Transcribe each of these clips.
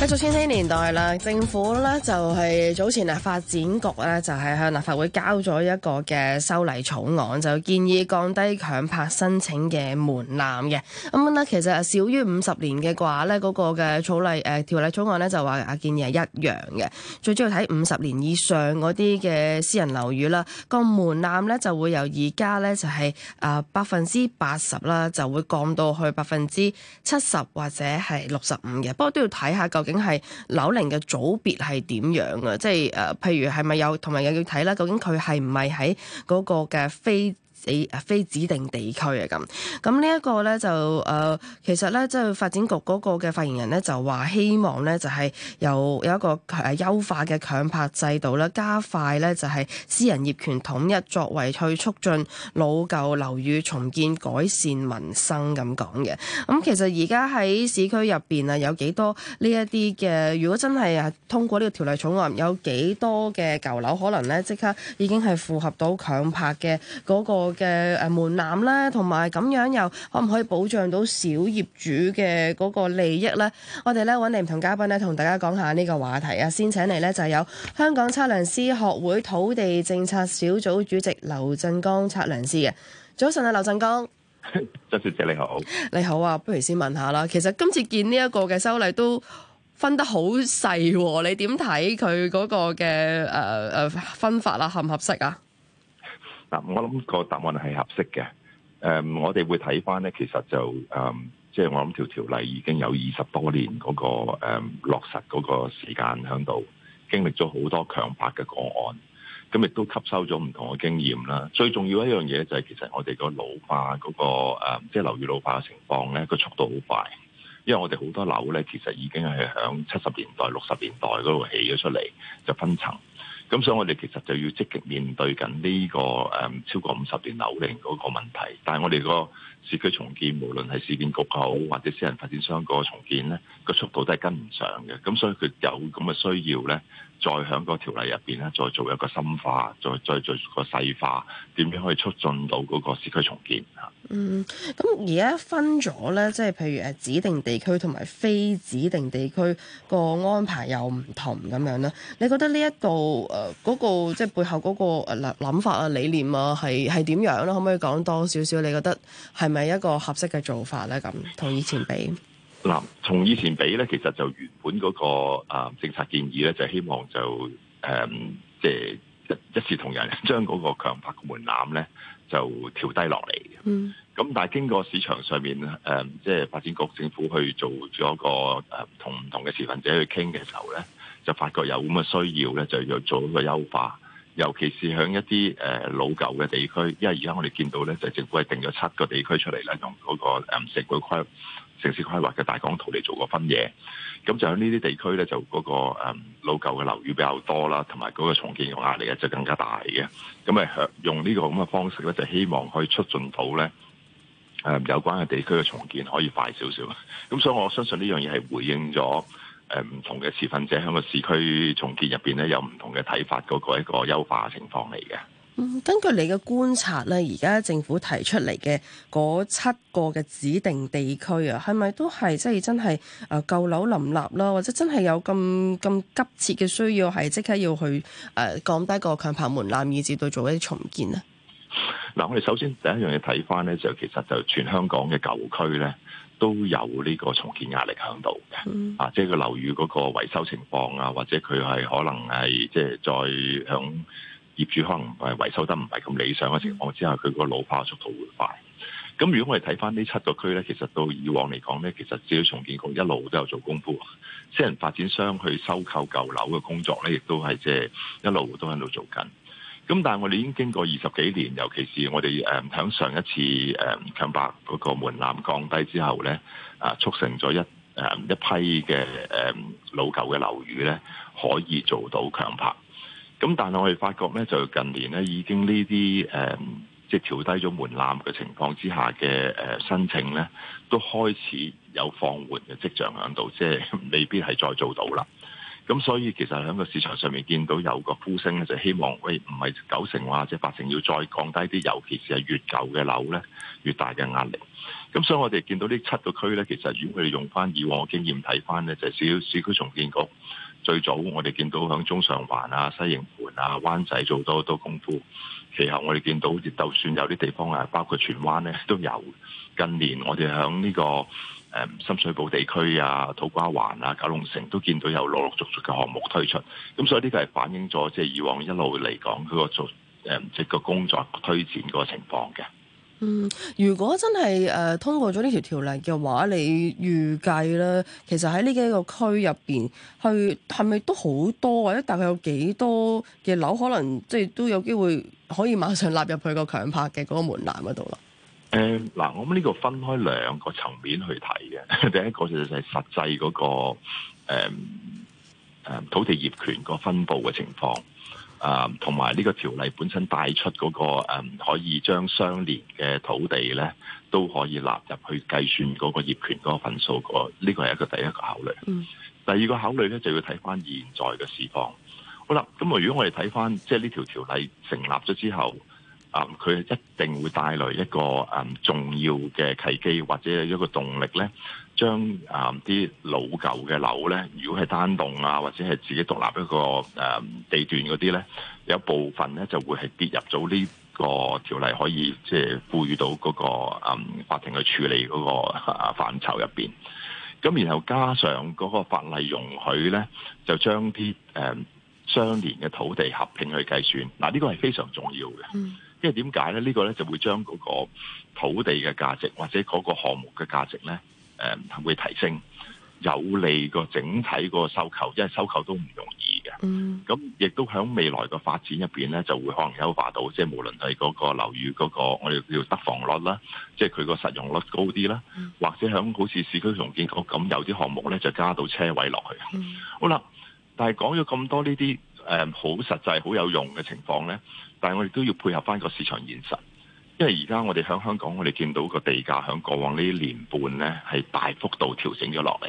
喺早千禧年代啦，政府咧就係早前啊發展局咧就係向立法會交咗一個嘅修例草案，就建議降低強拍申請嘅門檻嘅。咁樣咧其實啊少於五十年嘅話咧，嗰、嗰個嘅草例誒條例草案咧就話啊建議係一樣嘅，最主要睇五十年以上嗰啲嘅私人樓宇啦，個門檻咧就會由而家咧就係啊百分之八十啦，就會降到去百分之七十或者係六十五嘅，不過都要睇下究竟。究竟係樓齡嘅組別係點樣啊？即係誒、呃，譬如係咪有同埋又要睇啦？究竟佢係唔係喺嗰個嘅非？啊，非指定地區啊咁，咁呢一個咧就誒，其實咧即係發展局嗰個嘅發言人咧就話希望咧就係有有一個誒優化嘅強拍制度啦，加快咧就係私人業權統一作為，去促進老舊樓宇重建，改善民生咁講嘅。咁其實而家喺市區入邊啊，有幾多呢一啲嘅？如果真係啊通過呢個條例草案，有幾多嘅舊樓可能咧即刻已經係符合到強拍嘅嗰個？嘅誒門檻啦，同埋咁樣又可唔可以保障到小業主嘅嗰個利益呢？我哋咧揾你唔同嘉賓咧，同大家講下呢個話題啊！先請嚟咧，就係有香港測量師學會土地政策小組主席劉振江測量師嘅。早晨啊，劉振江，周小姐你好，你好啊！不如先問下啦，其實今次見呢一個嘅修例都分得好細喎，你點睇佢嗰個嘅誒誒分法啊？合唔合適啊？我諗個答案係合適嘅。誒、um,，我哋會睇翻呢，其實就誒，即、um, 係我諗條條例已經有二十多年嗰、那個、um, 落實嗰個時間響度，經歷咗好多強拍嘅個案，咁亦都吸收咗唔同嘅經驗啦。最重要一樣嘢就係、是，其實我哋個老化嗰、那個即係樓宇老化嘅情況呢，個速度好快，因為我哋好多樓呢，其實已經係響七十年代、六十年代嗰度起咗出嚟，就分層。咁所以，我哋其實就要積極面對緊、這、呢個誒、嗯，超過五十年樓齡嗰個問題，但係我哋個。市區重建無論係市建局好，或者私人發展商個重建咧，個速度都係跟唔上嘅。咁所以佢有咁嘅需要咧，再響個條例入邊咧，再做一個深化，再再再做個細化，點樣可以促進到嗰個市區重建嚇？嗯，咁而家分咗咧，即係譬如誒指定地區同埋非指定地區個安排又唔同咁樣啦。你覺得呢一度誒嗰個、呃嗰個、即係背後嗰個誒諗法啊、理念啊係係點樣咧？可唔可以講多少少？你覺得係咪？係一個合適嘅做法咧，咁同以前比。嗱，從以前比咧，其實就原本嗰個啊政策建議咧，就希望就誒，即、嗯、係、就是、一一視同仁，將嗰個強拍嘅門檻咧就調低落嚟嘅。咁、嗯、但係經過市場上面誒，即、嗯、係、就是、發展局政府去做咗個誒同唔同嘅持份者去傾嘅時候咧，就發覺有咁嘅需要咧，就要做一個優化。尤其是喺一啲誒老舊嘅地區，因為而家我哋見到咧，就是、政府係定咗七個地區出嚟咧，用嗰個城市規劃、城市規劃嘅大綱圖嚟做個分野。咁就喺呢啲地區咧，就嗰個老舊嘅樓宇比較多啦，同埋嗰個重建嘅壓力咧就更加大嘅。咁咪用呢個咁嘅方式咧，就希望可以促進到咧誒有關嘅地區嘅重建可以快少少。咁所以我相信呢樣嘢係回應咗。誒唔、呃、同嘅持份者喺個市區重建入邊咧，有唔同嘅睇法，嗰、那個一個優化情況嚟嘅。根據你嘅觀察咧，而家政府提出嚟嘅嗰七個嘅指定地區啊，係咪都係即係真係誒、呃、舊樓林立啦，或者真係有咁咁急切嘅需要係即刻要去誒、呃、降低個強拍門檻，以至到做一啲重建啊？嗱，我哋首先第一樣嘢睇返咧，就其實就全香港嘅舊區咧。都有呢個重建壓力響度嘅，嗯、啊，即係個樓宇嗰個維修情況啊，或者佢係可能係即係再響業主可能係維修得唔係咁理想嘅情況之下，佢個老化速度會快。咁如果我哋睇翻呢七個區呢，其實到以往嚟講呢，其實至於重建局一路都有做功夫，私人發展商去收購舊樓嘅工作呢，亦都係即係一路都喺度做緊。咁但係我哋已經經過二十幾年，尤其是我哋喺上一次誒強拍嗰個門檻降低之後咧，啊促成咗一一批嘅誒老舊嘅樓宇咧，可以做到強拍。咁但係我哋發覺咧，就近年咧已經呢啲誒即係調低咗門檻嘅情況之下嘅申請咧，都開始有放緩嘅跡象響度，即係未必係再做到啦。咁所以其實喺個市場上面見到有個呼聲咧，就希望，喂，唔係九成或者八成要再降低啲，尤其是係越舊嘅樓咧，越大嘅壓力。咁所以我哋見到呢七個區咧，其實如果佢哋用翻以往嘅經驗睇翻咧，就係市市區重建局最早，我哋見到響中上環啊、西營盤啊、灣仔做多多功夫。其後我哋見到，好似就算有啲地方啊，包括荃灣咧都有。近年我哋喺呢個誒、嗯、深水埗地區啊、土瓜灣啊、九龍城都見到有陸陸續續嘅項目推出。咁所以呢個係反映咗即係以往一路嚟講佢個做誒即個工作推展個情況嘅。嗯，如果真係誒、呃、通過咗呢條條例嘅話，你預計咧，其實喺呢幾個區入邊，去係咪都好多，或者大概有幾多嘅樓可能即係都有機會可以馬上納入去個強拍嘅嗰個門檻嗰度咯？誒，嗱，我諗呢個分開兩個層面去睇嘅，第一個就係實際嗰、那個誒、嗯、土地業權個分布嘅情況。啊，同埋呢個條例本身帶出嗰、嗰個、嗯、可以將相連嘅土地呢都可以納入去計算嗰個業權個份數個，呢個係一個第一個考慮。嗯、第二個考慮呢就要睇翻現在嘅市況。好啦，咁如果我哋睇翻即係呢條條例成立咗之後，啊、嗯，佢一定會帶來一個誒、嗯、重要嘅契機或者一個動力呢。將啲、嗯、老舊嘅樓咧，如果係單棟啊，或者係自己獨立一個、嗯、地段嗰啲咧，有部分咧就會係跌入咗呢個條例，可以即係賦予到嗰、嗰個、嗯、法庭去處理嗰個範疇入邊。咁然後加上嗰個法例容許咧，就將啲誒、嗯、相連嘅土地合併去計算。嗱、啊，呢、呢個係非常重要嘅，因為點解咧？呢個、呢個咧就會將嗰個土地嘅價值或者嗰個項目嘅價值咧。誒、嗯、會提升，有利個整體個收購，因為收購都唔容易嘅。咁亦、嗯、都喺未來個發展入邊咧，就會可能優化到，即係無論係嗰個樓宇嗰、嗰個我哋叫得房率啦，即係佢個實用率高啲啦，嗯、或者喺好似市區重建局咁有啲項目咧，就加到車位落去。嗯、好啦，但係講咗咁多呢啲誒好實際好有用嘅情況咧，但係我哋都要配合返個市場現實。因為而家我哋喺香港，我哋見到個地價喺過往呢年半呢，係大幅度調整咗落嚟。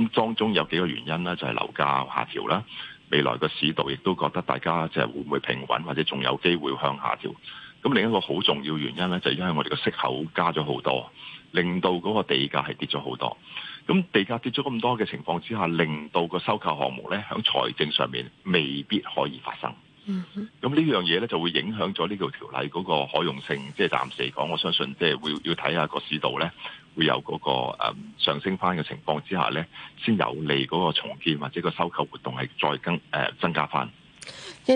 咁當中有幾個原因呢，就係樓價下調啦。未來個市道亦都覺得大家即係會唔會平穩，或者仲有機會向下調。咁另一個好重要原因呢，就係因為我哋嘅息口加咗好多，令到嗰個地價係跌咗好多。咁地價跌咗咁多嘅情況之下，令到個收購項目呢，喺財政上面未必可以發生。嗯哼，咁呢樣嘢咧就會影響咗呢條條例嗰個可用性，即係暫時嚟講，我相信即係會要睇下個市道咧會有嗰、嗰個誒、嗯、上升翻嘅情況之下咧，先有利嗰個重建或者個收購活動係再增誒、呃、增加翻。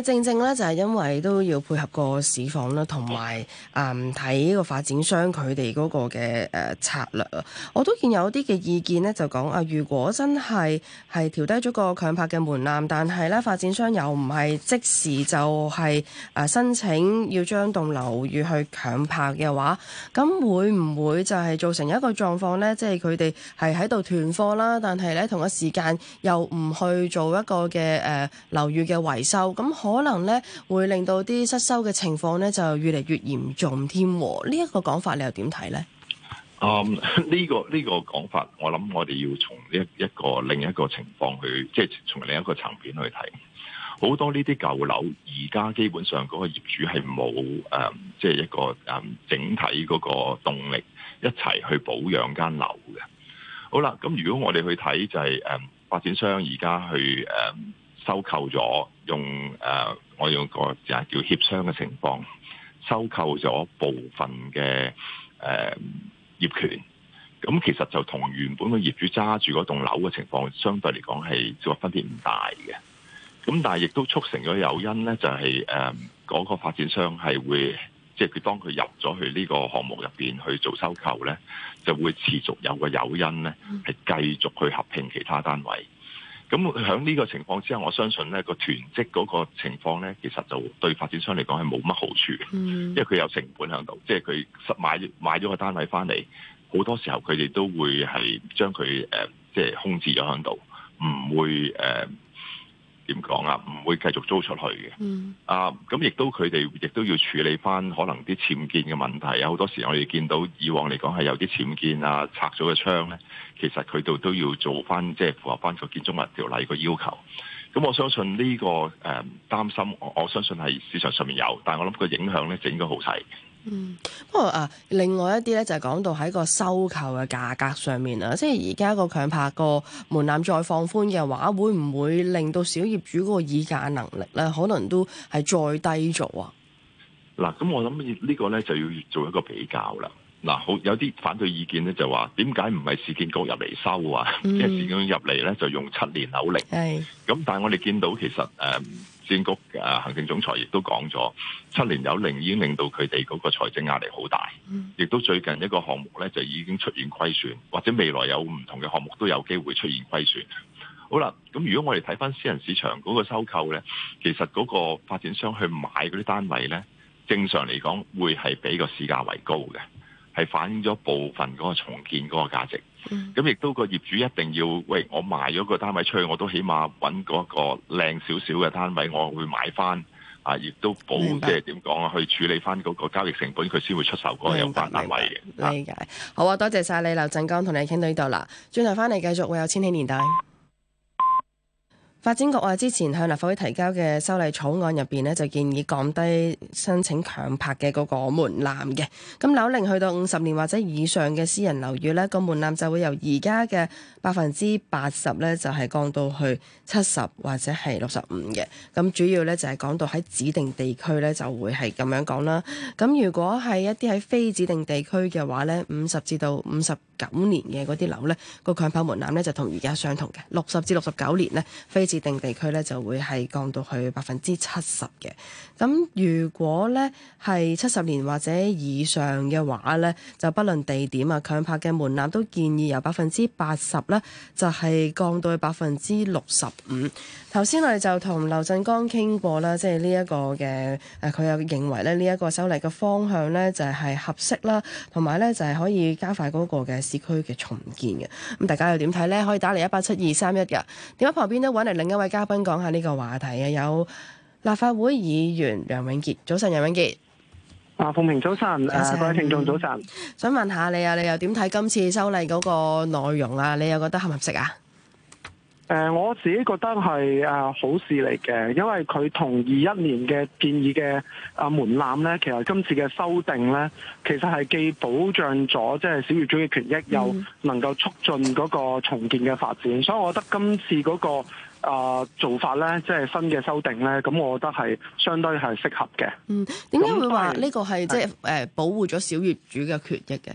正正咧，就係因為都要配合個市況啦，同埋誒睇呢個發展商佢哋嗰個嘅誒、呃、策略啊。我都見有啲嘅意見咧，就講啊，如果真係係調低咗個強拍嘅門檻，但係咧發展商又唔係即時就係誒申請要將棟樓宇去強拍嘅話，咁會唔會就係造成一個狀況咧？即係佢哋係喺度囤貨啦，但係咧同一時間又唔去做一個嘅誒樓宇嘅維修。咁可能咧，會令到啲失修嘅情況咧就越嚟越嚴重添。呢、這、一個講法你又點睇咧？嗯、um, 這個，呢、這個呢個講法，我諗我哋要從一個一個另一個情況去，即係從另一個層面去睇。好多呢啲舊樓，而家基本上嗰個業主係冇誒，即係一個誒、嗯、整體嗰個動力一齊去保養間樓嘅。好啦，咁、嗯、如果我哋去睇就係、是、誒、嗯，發展商而家去誒。嗯收購咗，用、呃、我用個就係叫協商嘅情況，收購咗部分嘅誒、呃、業權，咁其實就同原本嘅業主揸住嗰棟樓嘅情況，相對嚟講係即係分別唔大嘅。咁但係亦都促成咗誘因咧、就係，就係誒嗰個發展商係會，即、就、係、係、當佢入咗去呢個項目入邊去做收購咧，就會持續有個誘因咧，係繼續去合併其他單位。咁喺呢個情況之下，我相信咧個囤積嗰個情況咧，其實就對發展商嚟講係冇乜好處，mm. 因為佢有成本喺度，即係佢買買咗個單位翻嚟，好多時候佢哋都會係將佢、呃、即係空置咗喺度，唔會誒。呃點講啊？唔會繼續租出去嘅。嗯、啊，咁亦都佢哋亦都要處理翻可能啲僭建嘅問題啊！好多時我哋見到以往嚟講係有啲僭建啊、拆咗嘅窗咧，其實佢哋都要做翻，即係符合翻個建築物條例個要求。咁我相信呢個誒擔心，我我相信係市場上面有，但係我諗個影響咧，應該好細。嗯，不過啊，另外一啲咧就係講到喺個收購嘅價格上面啊，即係而家個強拍個門檻再放寬嘅話，會唔會令到小業主嗰個議價能力咧，可能都係再低咗啊？嗱、啊，咁我諗呢個咧就要做一個比較啦。嗱、啊，好有啲反對意見咧就話，點解唔係市建局入嚟收啊？即係市建局入嚟咧就用七年樓齡。係咁唉、啊，但係我哋見到其實誒。嗯政局啊，行政總裁亦都講咗七年有零，已經令到佢哋嗰個財政壓力好大，亦都最近一個項目咧就已經出現虧損，或者未來有唔同嘅項目都有機會出現虧損。好啦，咁如果我哋睇返私人市場嗰個收購咧，其實嗰個發展商去買嗰啲單位咧，正常嚟講會係比個市價為高嘅，係反映咗部分嗰個重建嗰個價值。咁亦、嗯、都個業主一定要，喂，我賣咗個單位出去，我都起碼揾嗰個靚少少嘅單位，我會買翻，啊，亦都補即係點講啊，去處理翻嗰個交易成本，佢先會出售嗰個有關單位嘅。理解，啊好啊，多謝晒你，劉振江，同你傾到呢度啦，轉頭翻嚟繼續會有千禧年代。嗯發展局話之前向立法會提交嘅修例草案入邊呢就建議降低申請強拍嘅嗰個門檻嘅。咁樓齡去到五十年或者以上嘅私人樓宇呢個門檻就會由而家嘅百分之八十呢，就係降到去七十或者係六十五嘅。咁主要呢，就係講到喺指定地區呢，就會係咁樣講啦。咁如果係一啲喺非指定地區嘅話呢，五十至到五十九年嘅嗰啲樓呢，個強拍門檻呢，就同而家相同嘅。六十至六十九年呢。非指定地區咧就會係降到去百分之七十嘅，咁如果咧係七十年或者以上嘅話咧，就不論地點啊，強拍嘅門檻都建議由百分之八十咧就係、是、降到去百分之六十五。頭先我哋就同劉振江傾過啦，即係呢一個嘅誒，佢又認為咧呢一個修例嘅方向咧就係合適啦，同埋咧就係可以加快嗰個嘅市區嘅重建嘅。咁大家又點睇咧？可以打嚟一八七二三一嘅，點解？旁邊咧揾嚟。另一位嘉賓講下呢個話題啊，有立法會議員楊永杰，早晨，楊永杰。阿鳳明，早晨上，呃、各位聽眾早晨。想問下你啊，你又點睇今次修例嗰個內容啊？你又覺得合唔合適啊？誒、呃，我自己覺得係誒好事嚟嘅，因為佢同二一年嘅建議嘅誒門檻呢，其實今次嘅修訂呢，其實係既保障咗即係小業主嘅權益，又能夠促進嗰個重建嘅發展，嗯、所以我覺得今次嗰、那個。啊、呃，做法咧，即係新嘅修訂咧，咁我覺得係相當於係適合嘅。嗯，點解會話呢個係即係誒保護咗小業主嘅權益嘅？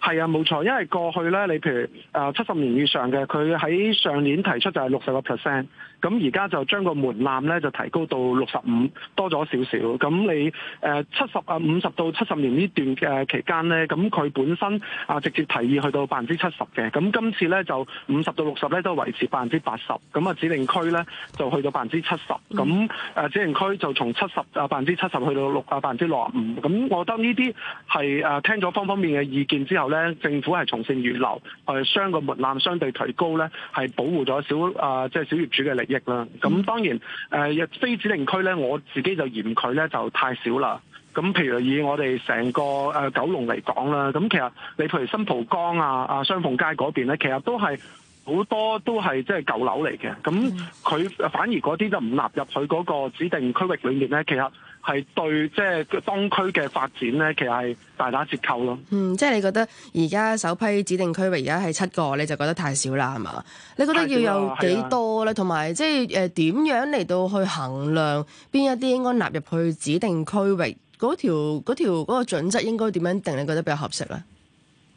係啊，冇錯，因為過去咧，你譬如啊七十年以上嘅，佢喺上年提出就係六十個 percent。咁而家就將個門檻咧就提高到六十五，多咗少少。咁你誒七十啊五十到七十年呢段嘅期間咧，咁佢本身啊直接提議去到百分之七十嘅。咁今次咧就五十到六十咧都維持百分之八十。咁啊指定區咧就去到百分之七十。咁誒指定區就從七十啊百分之七十去到六啊百分之六十五。咁我覺得呢啲係誒聽咗方方面面嘅意見之後咧，政府係從善如流，係將個門檻相對提高咧，係保護咗小啊即係小業主嘅利益。啦，咁、嗯、當然誒、呃、非指定區咧，我自己就嫌佢咧就太少啦。咁譬如以我哋成個、呃、九龍嚟講啦，咁其實你譬如新蒲崗啊、啊雙鳳街嗰邊咧，其實都係好多都係即係舊樓嚟嘅。咁佢反而嗰啲就唔納入佢嗰個指定區域裏面咧，其實。係，對，即係東區嘅發展咧，其實係大打折扣咯。嗯，即係你覺得而家首批指定區域而家係七個，你就覺得太少啦，係嘛？你覺得要有幾多咧？同埋即係誒點樣嚟到去衡量邊一啲應該納入去指定區域嗰條嗰條嗰個準則應該點樣定？你覺得比較合適咧？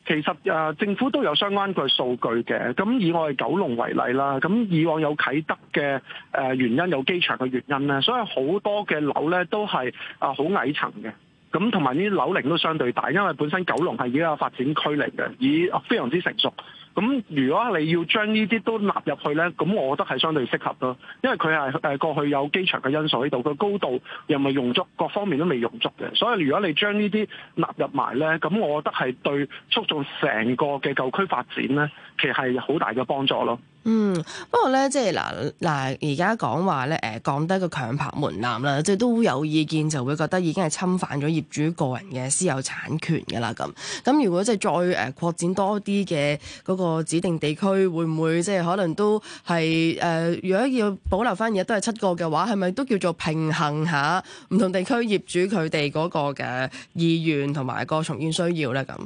其實啊，政府都有相關嘅數據嘅。咁以我哋九龍為例啦，咁以往有啟德嘅誒原因，有機場嘅原因咧，所以好多嘅樓咧都係啊好矮層嘅。咁同埋啲樓齡都相對大，因為本身九龍係已經有發展區嚟嘅，已非常之成熟。咁如果你要將呢啲都納入去咧，咁我覺得係相對適合咯，因為佢係誒過去有機場嘅因素喺度，佢高度又咪用足，各方面都未用足嘅。所以如果你將呢啲納入埋咧，咁我覺得係對促進成個嘅舊區發展咧，其實係好大嘅幫助咯。嗯，不過咧，即係嗱嗱而家講話咧，誒降低個強拍門檻啦，即係都有意見就會覺得已經係侵犯咗業主個人嘅私有產權㗎啦。咁咁如果即係再誒擴展多啲嘅嗰個指定地區會唔會即係可能都係誒、呃，如果要保留翻而家都係七個嘅話，係咪都叫做平衡下唔同地區業主佢哋嗰個嘅意願同埋個重建需要咧？咁誒、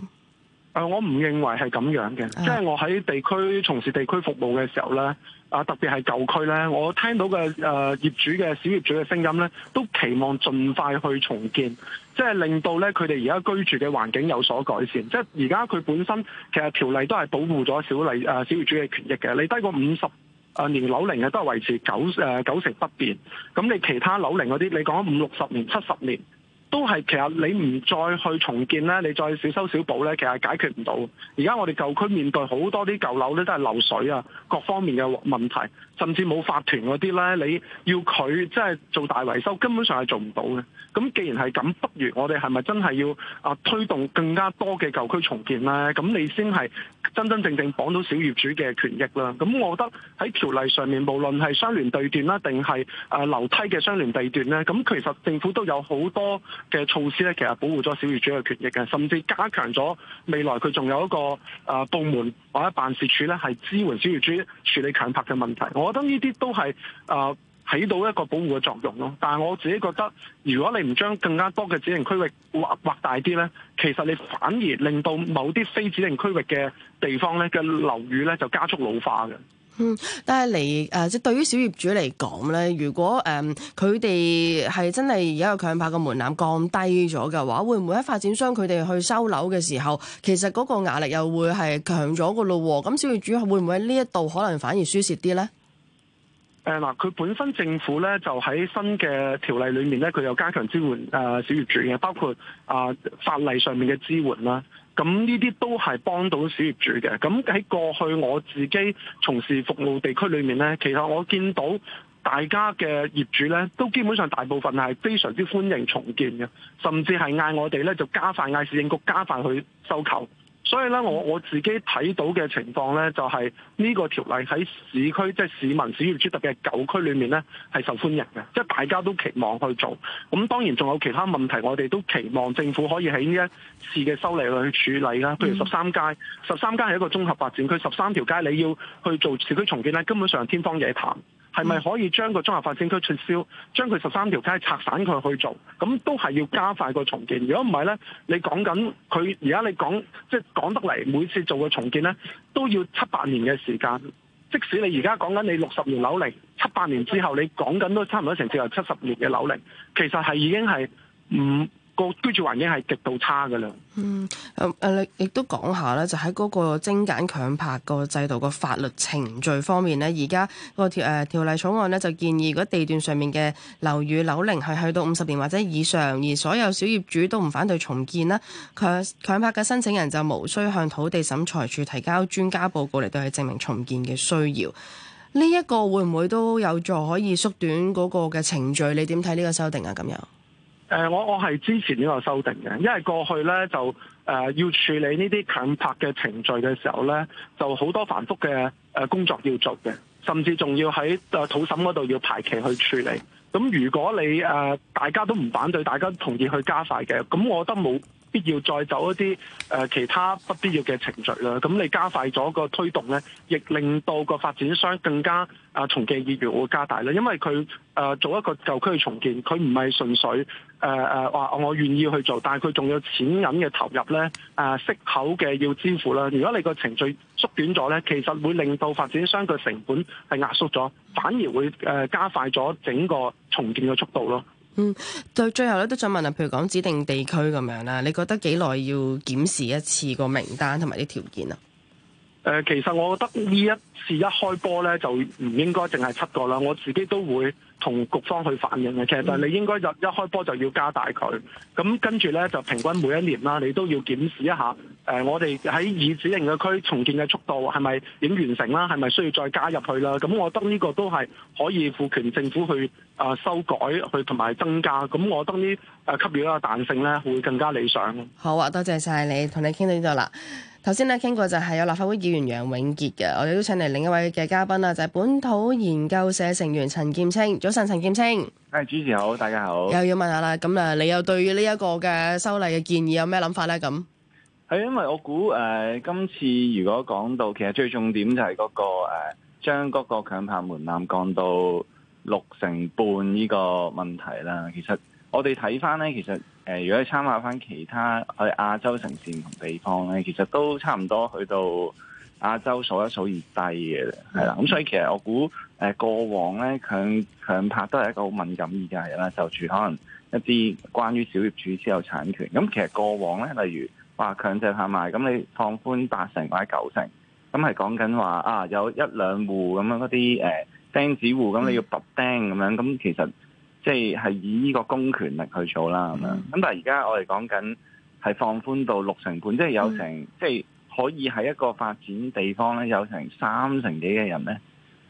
呃，我唔認為係咁樣嘅，啊、即係我喺地區從事地區服務嘅時候咧。啊！特別係舊區咧，我聽到嘅誒業主嘅小業主嘅聲音咧，都期望盡快去重建，即係令到咧佢哋而家居住嘅環境有所改善。即係而家佢本身其實條例都係保護咗小誒小業主嘅權益嘅。你低過五十誒年樓齡嘅都係維持九誒九成不變，咁你其他樓齡嗰啲，你講五六十年、七十年。都係，其實你唔再去重建呢，你再小修小補咧，其實解決唔到。而家我哋舊區面對好多啲舊樓咧，都係漏水啊，各方面嘅問題。甚至冇法團嗰啲呢，你要佢即係做大維修，根本上係做唔到嘅。咁既然係咁，不如我哋係咪真係要啊推動更加多嘅舊區重建呢？咁你先係真真正正綁到小業主嘅權益啦。咁我覺得喺條例上面，無論係商，商聯地段啦，定係啊樓梯嘅商聯地段呢，咁其實政府都有好多嘅措施呢，其實保護咗小業主嘅權益嘅，甚至加強咗未來佢仲有一個啊部門或者辦事處呢，係支援小業主處理強拍嘅問題。我覺得呢啲都係誒、呃、起到一個保護嘅作用咯。但係我自己覺得，如果你唔將更加多嘅指定區域劃劃大啲呢，其實你反而令到某啲非指定區域嘅地方呢，嘅樓宇呢就加速老化嘅。嗯，但係嚟誒，即、呃、係對於小業主嚟講呢，如果誒佢哋係真係而家有強拍嘅門檻降低咗嘅話，會唔會喺發展商佢哋去收樓嘅時候，其實嗰個壓力又會係強咗嘅咯？咁小業主會唔會喺呢一度可能反而舒適啲呢？誒嗱，佢本身政府咧就喺新嘅條例裏面咧，佢有加強支援誒小業主嘅，包括啊法例上面嘅支援啦。咁呢啲都係幫到小業主嘅。咁喺過去我自己從事服務地區裏面咧，其實我見到大家嘅業主咧，都基本上大部分係非常之歡迎重建嘅，甚至係嗌我哋咧就加快嗌市政局加快去收購。所以咧，我我自己睇到嘅情況咧，就係呢個條例喺市區，即係市民、市業主特別嘅舊區裏面咧，係受歡迎嘅，即係大家都期望去做。咁當然仲有其他問題，我哋都期望政府可以喺呢一次嘅修例裏去處理啦。譬如十三街，十三街係一個綜合發展區，十三條街你要去做市區重建咧，根本上天方夜譚。係咪可以將個綜合發展區撤銷，將佢十三條街拆散佢去做？咁都係要加快個重建。如果唔係呢，你講緊佢而家你講即係講得嚟，每次做個重建呢都要七八年嘅時間。即使你而家講緊你六十年樓齡，七八年之後你講緊都差唔多成接近七十年嘅樓齡，其實係已經係唔。嗯個居住環境係極度差噶啦。嗯，誒、呃，亦亦都講下咧，就喺嗰個精簡強拍個制度，個法律程序方面咧，而家個條誒條例草案咧就建議，如果地段上面嘅樓宇樓齡係去到五十年或者以上，而所有小業主都唔反對重建啦，強強拍嘅申請人就無需向土地審裁處提交專家報告嚟對佢證明重建嘅需要。呢、呢、一個會唔會都有助可以縮短嗰個嘅程序？你點睇呢個修訂啊？咁樣？誒，我我係支持呢個修訂嘅，因為過去咧就誒、呃、要處理呢啲強拍嘅程序嘅時候咧，就好多繁複嘅工作要做嘅，甚至仲要喺土審嗰度要排期去處理。咁如果你誒、呃、大家都唔反對，大家都同意去加快嘅，咁我覺得冇必要再走一啲誒、呃、其他不必要嘅程序啦，咁你加快咗個推動咧，亦令到個發展商更加啊、呃、重建意願會加大啦，因為佢誒、呃、做一個舊區重建，佢唔係純粹誒誒話我願意去做，但係佢仲有錢銀嘅投入咧，誒、呃、息口嘅要支付啦。如果你個程序縮短咗咧，其實會令到發展商嘅成本係壓縮咗，反而會誒加快咗整個重建嘅速度咯。嗯，最最後咧都想問啦，譬如講指定地區咁樣啦，你覺得幾耐要檢視一次個名單同埋啲條件啊？呃，其實我覺得呢一次一開波咧，就唔應該淨係七個啦，我自己都會，同局方去反映嘅，其實就係你應該就一開波就要加大佢，咁跟住咧就平均每一年啦，你都要檢視一下，誒、呃，我哋喺已指定嘅區重建嘅速度係咪已經完成啦？係咪需要再加入去啦？咁我覺得呢個都係可以賦權政府去誒、呃、修改，去同埋增加。咁我覺得呢誒，給予一個彈性咧，會更加理想。好啊，多謝晒你，同你傾到呢度啦。頭先咧傾過就係有立法會議員楊永杰嘅，我哋邀請嚟另一位嘅嘉賓啦，就係本土研究社成員陳劍青。早晨，陳劍青。誒，主持好，大家好。又要問下啦，咁誒，你又對於呢一個嘅修例嘅建議有咩諗法咧？咁係因為我估誒，今次如果講到其實最重點就係嗰個誒，將嗰個強拍門檻降到六成半呢個問題啦，其實。我哋睇翻咧，其實、呃、如果你參考翻其他去亞洲城市唔同地方咧，其實都差唔多去到亞洲數一數二低嘅，係啦、嗯。咁所以其實我估誒、呃、過往咧強強拍都係一個好敏感嘅議題啦，就住可能一啲關於小業主私有產權。咁其實過往咧，例如話強制拍賣，咁你放寬八成或者九成，咁係講緊話啊有一兩戶咁樣嗰啲誒釘子戶，咁你要拔釘咁、嗯、樣，咁其實。即係係以呢個公權力去做啦，咁樣。咁、嗯、但係而家我哋講緊係放寬到六成半，即係有成，即係、嗯、可以喺一個發展地方咧，有成三成幾嘅人咧，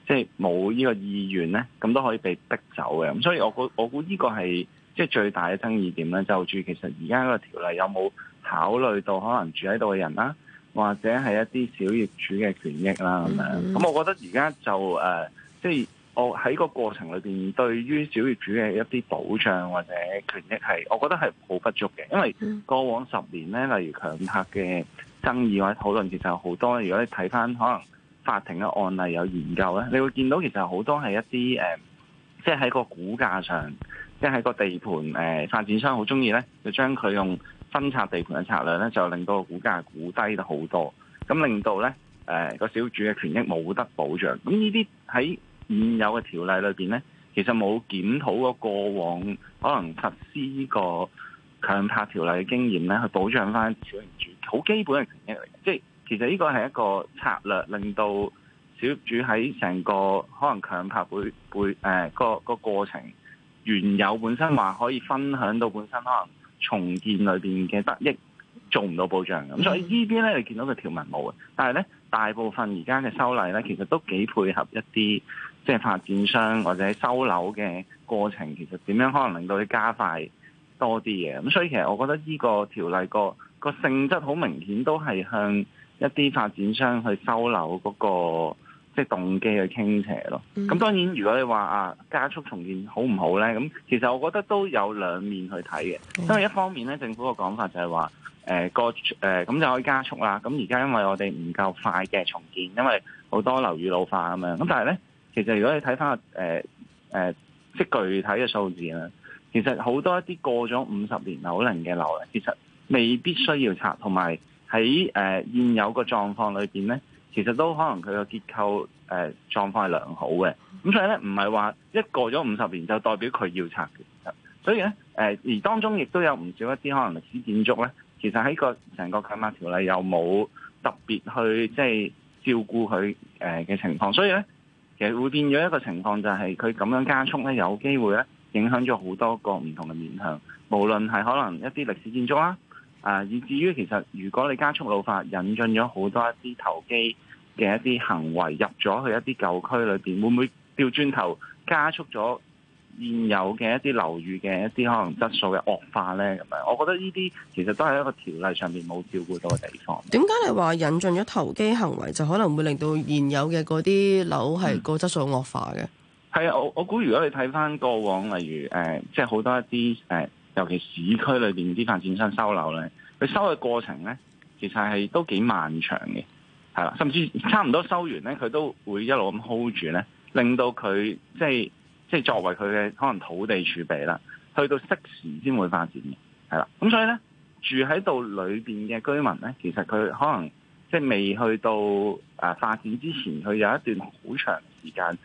即係冇呢個意願咧，咁都可以被逼走嘅。咁所以我估我估呢個係即係最大嘅爭議點咧，就住其實而家個條例有冇考慮到可能住喺度嘅人啦，或者係一啲小業主嘅權益啦，咁樣。咁、嗯嗯、我覺得而家就呃，即係。我喺個過程裏面，對於小業主嘅一啲保障或者權益係，我覺得係好不足嘅。因為過往十年呢，例如強拍嘅爭議或者討論其實有好多。如果你睇返可能法庭嘅案例有研究呢，你會見到其實好多係一啲即係喺個股價上，即係喺個地盤誒、呃、發展商好中意呢，就將佢用分拆地盤嘅策略呢，就令到個股價估低咗好多，咁令到呢誒個、呃、小主嘅權益冇得保障。咁呢啲喺現有嘅條例裏面呢，其實冇檢討過過往可能實施呢個強拍條例嘅經驗呢，去保障翻小業主，好基本嘅權益，嚟即其實呢個係一個策略，令到小業主喺成個可能強拍會會誒個個過程原有本身話可以分享到本身可能重建裏面嘅得益，做唔到保障咁。所以呢、e、邊呢，你見到個條文冇嘅，但係呢。大部分而家嘅修例呢，其實都幾配合一啲即係發展商或者收樓嘅過程，其實點樣可能令到佢加快多啲嘢。咁所以其實我覺得呢個條例個個性質好明顯都係向一啲發展商去收樓嗰個。即係動機去傾斜咯，咁當然如果你話啊加速重建好唔好咧？咁其實我覺得都有兩面去睇嘅，因為一方面咧政府個講法就係話誒個誒咁就可以加速啦。咁而家因為我哋唔夠快嘅重建，因為好多樓宇老化咁樣。咁但係咧，其實如果你睇翻個誒誒即具體嘅數字啦，其實好多一啲過咗五十年樓齡嘅樓，其實未必需要拆，同埋喺誒現有個狀況裏面咧。其實都可能佢個結構誒狀況係良好嘅，咁所以咧唔係話一過咗五十年就代表佢要拆嘅，所以咧誒、呃、而當中亦都有唔少一啲可能歷史建築咧，其實喺、這個成個強拍條例又冇特別去即係、就是、照顧佢誒嘅情況，所以咧其實會變咗一個情況，就係佢咁樣加速咧，有機會咧影響咗好多個唔同嘅面向，無論係可能一啲歷史建築啦。啊！以至於其實，如果你加速老化，引進咗好多一啲投機嘅一啲行為入咗去一啲舊區裏邊，會唔會掉轉頭加速咗現有嘅一啲樓宇嘅一啲可能質素嘅惡化呢？咁樣，我覺得呢啲其實都係一個條例上面冇照顧到嘅地方。點解你話引進咗投機行為，就可能會令到現有嘅嗰啲樓係個質素惡化嘅？係啊、嗯，我我估如果你睇翻過往，例如誒，即係好多一啲誒。呃尤其市區裏邊啲發展商收樓咧，佢收嘅過程咧，其實係都幾漫長嘅，係啦，甚至差唔多收完咧，佢都會一路咁 hold 住咧，令到佢即係即係作為佢嘅可能土地儲備啦，去到適時先會發展嘅，係啦。咁所以咧，住喺度裏邊嘅居民咧，其實佢可能即係未去到誒發展之前，佢有一段好長嘅時間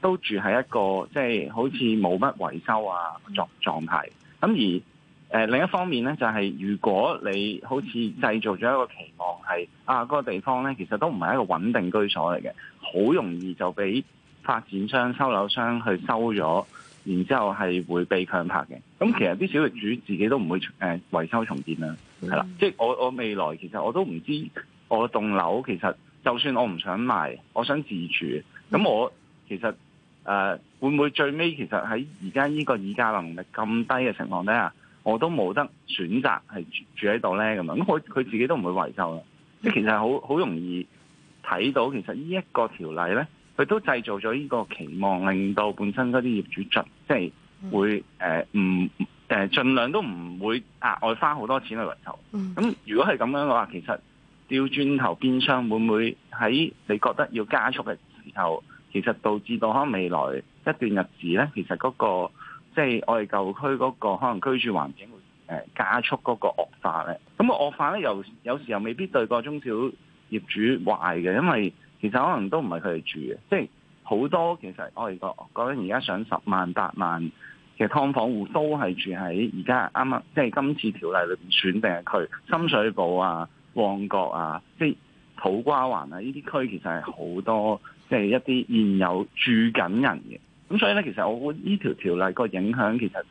都住喺一個即係好似冇乜維修啊狀狀態。咁而誒、呃、另一方面咧，就係、是、如果你好似製造咗一個期望係啊，嗰、那個地方咧，其實都唔係一個穩定居所嚟嘅，好容易就俾發展商、收樓商去收咗，然之後係會被強拍嘅。咁其實啲小業主自己都唔會誒、呃、維修重建啦係啦。嗯、即係我我未來其實我都唔知我棟樓其實就算我唔想賣，我想自住，咁我其實。誒、呃、會唔會最尾其實喺而家呢個議價能力咁低嘅情況底下，我都冇得選擇係住喺度呢？咁啊！咁佢佢自己都唔會維修啦，即係其實好好容易睇到，其實呢一個條例呢，佢都製造咗呢個期望，令到本身嗰啲業主盡即係、就是、會誒唔誒盡量都唔會額外花好多錢去維修。咁、嗯、如果係咁樣嘅話，其實掉轉頭邊窗會唔會喺你覺得要加速嘅時候？其實導致到可能未來一段日子呢，其實嗰、那個即係、就是、我哋舊區嗰個可能居住環境會加速嗰個惡化呢，咁啊惡化呢，有有時又未必對個中小業主壞嘅，因為其實可能都唔係佢哋住嘅，即係好多其實我哋講緊而家上十萬八萬嘅劏房戶都係住喺而家啱啱即係今次條例裏面選定嘅區，深水埗啊、旺角啊、即、就、係、是、土瓜灣啊呢啲區，其實係好多。即係一啲現有住緊人嘅，咁所以咧，其實我覺得呢條條例個影響其實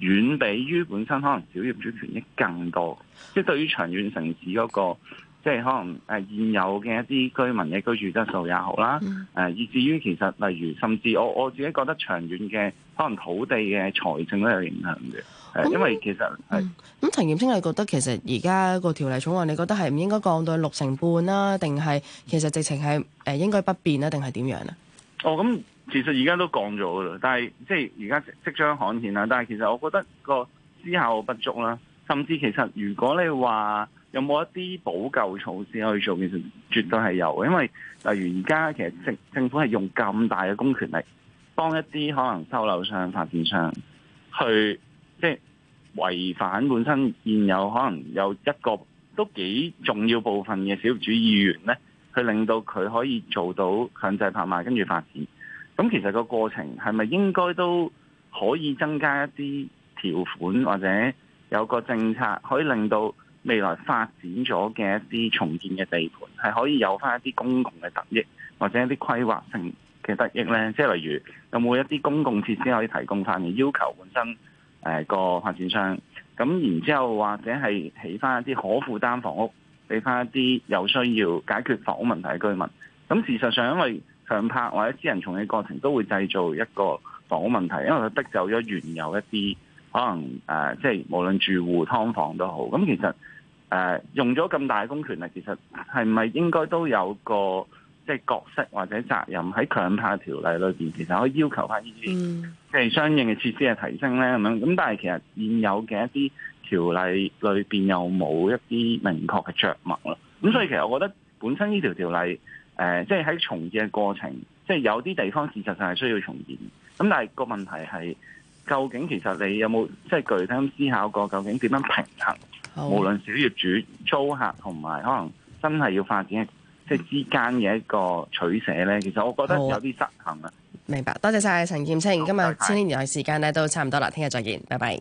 遠比於本身可能小業主權益更多，即係對於長遠城市嗰個。即係可能誒現有嘅一啲居民嘅居住質素也好啦，誒、嗯、以至於其實例如甚至我我自己覺得長遠嘅可能土地嘅財政都有影響嘅，係、嗯、因為其實係咁、嗯嗯、陳劍青你覺得其實而家個條例草案你覺得係唔應該降到六成半啦，定係其實直情係誒應該不變啦，定係點樣咧？哦，咁其實而家都降咗嘅啦，但係即係而家即將罕見啦。但係其實我覺得個思考不足啦，甚至其實如果你話，有冇一啲補救措施可以做？其實絕對係有，因為例如而家其實政政府係用咁大嘅公權力幫一啲可能收樓商、發展商去即係、就是、違反本身現有可能有一個都幾重要部分嘅小業主意願咧，去令到佢可以做到強制拍賣跟住發展。咁其實個過程係咪應該都可以增加一啲條款或者有個政策可以令到？未來發展咗嘅一啲重建嘅地盤，係可以有翻一啲公共嘅得益，或者一啲規劃性嘅得益呢，即係例如有冇一啲公共設施可以提供翻嘅要求，本身誒個發展商咁，然之後或者係起翻一啲可負擔房屋，俾翻一啲有需要解決房屋問題嘅居民。咁事實上，因為強拍或者私人重建過程都會製造一個房屋問題，因為佢逼走咗原有一啲可能誒，即係無論住戶劏房都好。咁其實誒、呃、用咗咁大嘅公權力，其實係咪應該都有個即係、就是、角色或者責任喺強化條例裏面，其實可以要求翻呢啲即係相應嘅設施嘅提升咧，咁樣咁，但係其實現有嘅一啲條例裏面，又冇一啲明確嘅着墨咯。咁、嗯、所以其實我覺得本身呢條條例誒，即係喺重建嘅過程，即、就、係、是、有啲地方事實上係需要重建咁，但係個問題係究竟其實你有冇即係具體咁思考過究竟點樣平衡？好無論小業主、租客同埋可能真係要發展，即係之間嘅一個取捨咧，其實我覺得有啲失衡。啊。明白，多謝晒陳劍青。多謝 今日千禧年代時間咧都差唔多啦，聽日再見，拜拜。